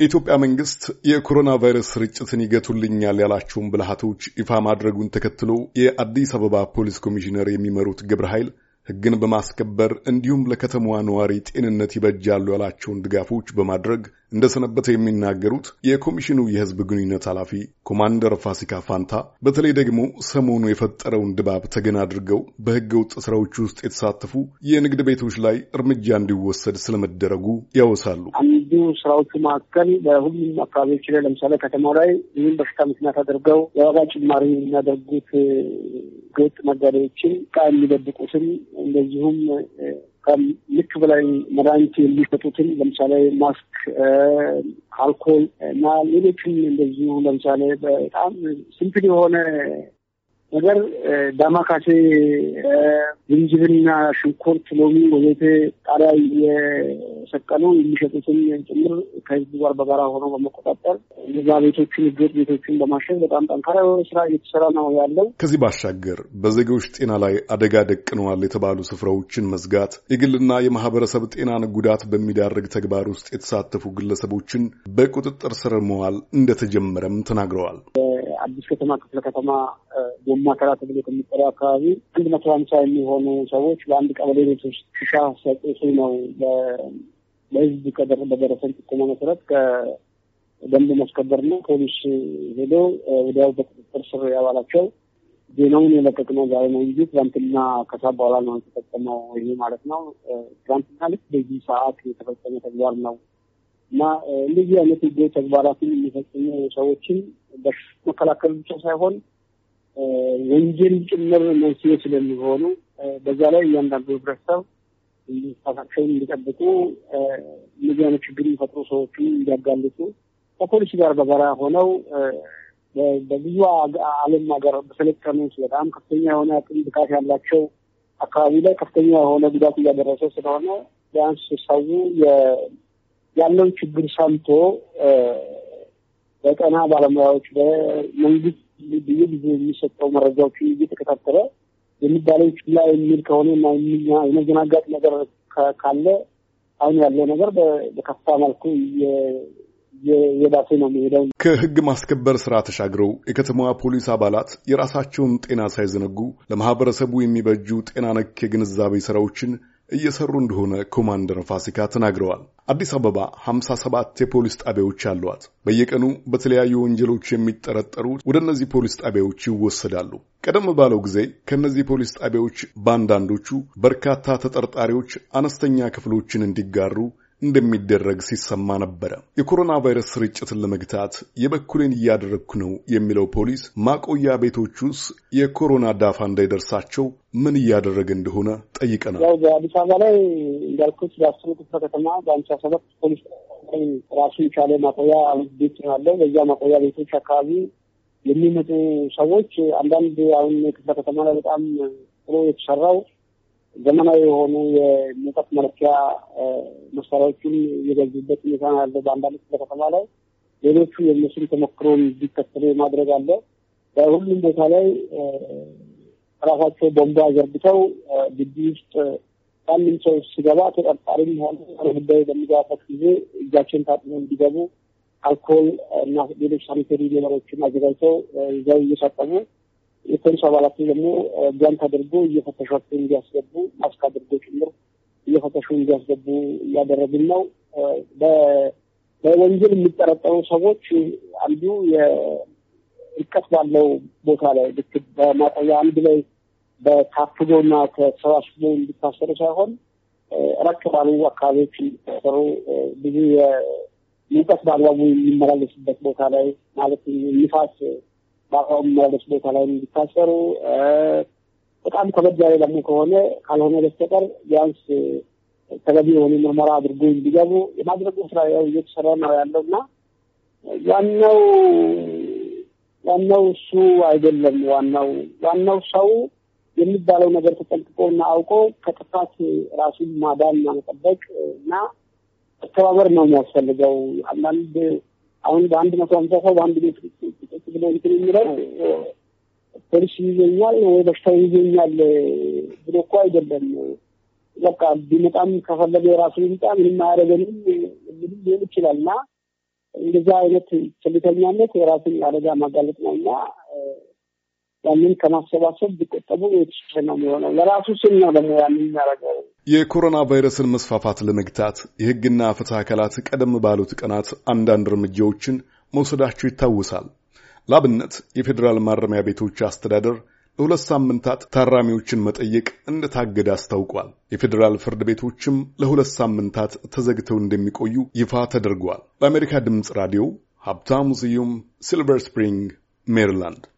የኢትዮጵያ መንግስት የኮሮና ቫይረስ ስርጭትን ይገቱልኛል ያላቸውን ብልሃቶች ይፋ ማድረጉን ተከትሎ የአዲስ አበባ ፖሊስ ኮሚሽነር የሚመሩት ግብረ ኃይል ሕግን በማስከበር እንዲሁም ለከተማዋ ነዋሪ ጤንነት ይበጃሉ ያላቸውን ድጋፎች በማድረግ እንደሰነበተ የሚናገሩት የኮሚሽኑ የሕዝብ ግንኙነት ኃላፊ ኮማንደር ፋሲካ ፋንታ በተለይ ደግሞ ሰሞኑ የፈጠረውን ድባብ ተገን አድርገው በሕገ ወጥ ስራዎች ውስጥ የተሳተፉ የንግድ ቤቶች ላይ እርምጃ እንዲወሰድ ስለመደረጉ ያወሳሉ። አንዱ ስራዎቹ መካከል በሁሉም አካባቢዎች ላይ ለምሳሌ ከተማው ላይ ይህም በሽታ ምክንያት አድርገው የዋጋ ጭማሪ የሚያደርጉት ህገወጥ ነጋዴዎችን ዕቃ የሚደብቁትን እንደዚሁም ልክ በላይ መድኃኒት የሚሰጡትን ለምሳሌ ማስክ፣ አልኮል እና ሌሎችም እንደዚሁ ለምሳሌ በጣም ስንትን የሆነ ነገር ዳማካሴ፣ ዝንጅብልና ሽንኩርት፣ ሎሚ ወዘተ ጣሪያ እየሰቀሉ የሚሸጡትን ጭምር ከህዝቡ ጋር በጋራ ሆኖ በመቆጣጠር እዛ ቤቶችን ህገወጥ ቤቶችን በማሸግ በጣም ጠንካራ የሆነ ስራ እየተሰራ ነው ያለው። ከዚህ ባሻገር በዜጎች ጤና ላይ አደጋ ደቅነዋል የተባሉ ስፍራዎችን መዝጋት፣ የግልና የማህበረሰብ ጤናን ጉዳት በሚዳርግ ተግባር ውስጥ የተሳተፉ ግለሰቦችን በቁጥጥር ስር መዋል እንደተጀመረም ተናግረዋል። አዲስ ከተማ ክፍለ ከተማ ጎማ ከራ ተብሎ ከሚጠራው አካባቢ አንድ መቶ ሀምሳ የሚሆኑ ሰዎች ለአንድ ቀበሌ ቤት ውስጥ ሽሻ ሲያጨሱ ነው ለህዝብ ቀደር በደረሰን ጥቆማ መሰረት ከደንብ ማስከበርና ፖሊስ ሄዶ ወዲያው በቁጥጥር ስር ያባላቸው ዜናውን የለቀቅነው ዛሬ ነው እንጂ ትላንትና ከሰዓት በኋላ ነው የተፈጸመው። ይሄ ማለት ነው ትላንትና ልክ በዚህ ሰዓት የተፈጸመ ተግባር ነው። እና እንደዚህ አይነት ህገ ተግባራትን የሚፈጽሙ ሰዎችን መከላከል ብቻ ሳይሆን ወንጀል ጭምር መንስኤ ስለሚሆኑ በዛ ላይ እያንዳንዱ ህብረተሰብ ራሳቸውን እንዲጠብቁ እነዚህ አይነት ችግር የሚፈጥሩ ሰዎችን እንዲያጋልጡ ከፖሊሲ ጋር በጋራ ሆነው በብዙ ዓለም ሀገር በሰለጠኑ በጣም ከፍተኛ የሆነ አቅም ብቃት ያላቸው አካባቢ ላይ ከፍተኛ የሆነ ጉዳት እያደረሰ ስለሆነ ቢያንስ ሰው ያለውን ችግር ሰምቶ በጤና ባለሙያዎች በመንግስት ብዙ ጊዜ የሚሰጠው መረጃዎችን እየተከታተለ የሚባለው ችላ የሚል ከሆነ የመዘናጋት ነገር ካለ አሁን ያለው ነገር በከፋ መልኩ የባሴ ነው የሚሄደው። ከህግ ማስከበር ስራ ተሻግረው የከተማዋ ፖሊስ አባላት የራሳቸውን ጤና ሳይዘነጉ ለማህበረሰቡ የሚበጁ ጤና ነክ የግንዛቤ ስራዎችን እየሰሩ እንደሆነ ኮማንደር ፋሲካ ተናግረዋል። አዲስ አበባ 57 የፖሊስ ጣቢያዎች አሏት። በየቀኑ በተለያዩ ወንጀሎች የሚጠረጠሩ ወደ እነዚህ ፖሊስ ጣቢያዎች ይወሰዳሉ። ቀደም ባለው ጊዜ ከእነዚህ ፖሊስ ጣቢያዎች በአንዳንዶቹ በርካታ ተጠርጣሪዎች አነስተኛ ክፍሎችን እንዲጋሩ እንደሚደረግ ሲሰማ ነበረ። የኮሮና ቫይረስ ስርጭትን ለመግታት የበኩሌን እያደረግኩ ነው የሚለው ፖሊስ ማቆያ ቤቶች ውስጥ የኮሮና ዳፋ እንዳይደርሳቸው ምን እያደረገ እንደሆነ ጠይቀናል። ያው በአዲስ አበባ ላይ እንዳልኩት በአስሩ ክፍለ ከተማ በአምሳ ሰባት ፖሊስ ራሱ የቻለ ማቆያ ቤት አለ። በዚያ ማቆያ ቤቶች አካባቢ የሚመጡ ሰዎች አንዳንድ አሁን ክፍለ ከተማ ላይ በጣም ጥሩ የተሰራው ዘመናዊ የሆኑ የሙቀት መለኪያ መሳሪያዎችን የገዙበት ሁኔታ ያለ በአንዳንድ ክፍለ ከተማ ላይ ሌሎቹ የእነሱን ተሞክሮ እንዲከተሉ ማድረግ አለ። በሁሉም ቦታ ላይ ራሳቸው ቦምባ ዘርግተው ግቢ ውስጥ ማንም ሰው ሲገባ ተጠርጣሪም ሆኑ ጉዳይ በሚገባበት ጊዜ እጃቸውን ታጥበው እንዲገቡ አልኮል እና ሌሎች ሳኒቴሪ ሌበሮችን አዘጋጅተው ይዘው እየሰጠሙ የፖሊስ አባላትን ደግሞ ጓንት አድርጎ እየፈተሿቸው እንዲያስገቡ ማስክ አድርጎ ጭምር እየፈተሹ እንዲያስገቡ እያደረግን ነው። በወንጀል የሚጠረጠሩ ሰዎች አንዱ ርቀት ባለው ቦታ ላይ ልክ በማቆያ አንድ ላይ እና ተሰባስቦ እንዲታሰሩ ሳይሆን ረቅ ባሉ አካባቢዎች እንዲታሰሩ ብዙ ሙቀት በአግባቡ የሚመላለስበት ቦታ ላይ ማለት ንፋስ በአቋም ያለች ቦታ ላይ እንዲታሰሩ በጣም ከበድ ያለ ደግሞ ከሆነ ካልሆነ በስተቀር ቢያንስ ተገቢ የሆኑ ምርመራ አድርጎ እንዲገቡ የማድረጉ ስራ ያው እየተሰራ ነው ያለው እና ዋናው ዋናው እሱ አይደለም። ዋናው ዋናው ሰው የሚባለው ነገር ተጠንቅቆ እና አውቆ ከጥፋት ራሱን ማዳን ማመጠበቅ እና አስተባበር ነው የሚያስፈልገው። አንዳንድ አሁን በአንድ መቶ ሀምሳ ሰው በአንድ ቤት ቁጭ ብሎ እንትን የሚለው ፖሊስ ይዘኛል ወይ በሽታው ይዘኛል ብሎ እኮ አይደለም። በቃ ቢመጣም ከፈለገ የራሱ ይምጣ ምንም አያደርገንም እንግዲህ ሊሆን ይችላል እና እንደዛ አይነት ቸልተኛነት የራሱን አደጋ ማጋለጥ ነው እና ያንን ከማሰባሰብ ቢቆጠቡ የተሻለ ነው የሚሆነው። ለራሱ ስም ነው ደግሞ ያንን የሚያደርገው። የኮሮና ቫይረስን መስፋፋት ለመግታት የሕግና ፍትህ አካላት ቀደም ባሉት ቀናት አንዳንድ እርምጃዎችን መውሰዳቸው ይታወሳል። ላብነት የፌዴራል ማረሚያ ቤቶች አስተዳደር ለሁለት ሳምንታት ታራሚዎችን መጠየቅ እንደታገደ አስታውቋል። የፌዴራል ፍርድ ቤቶችም ለሁለት ሳምንታት ተዘግተው እንደሚቆዩ ይፋ ተደርጓል። ለአሜሪካ ድምፅ ራዲዮ ሀብታሙ ስዩም ሲልቨር ስፕሪንግ ሜሪላንድ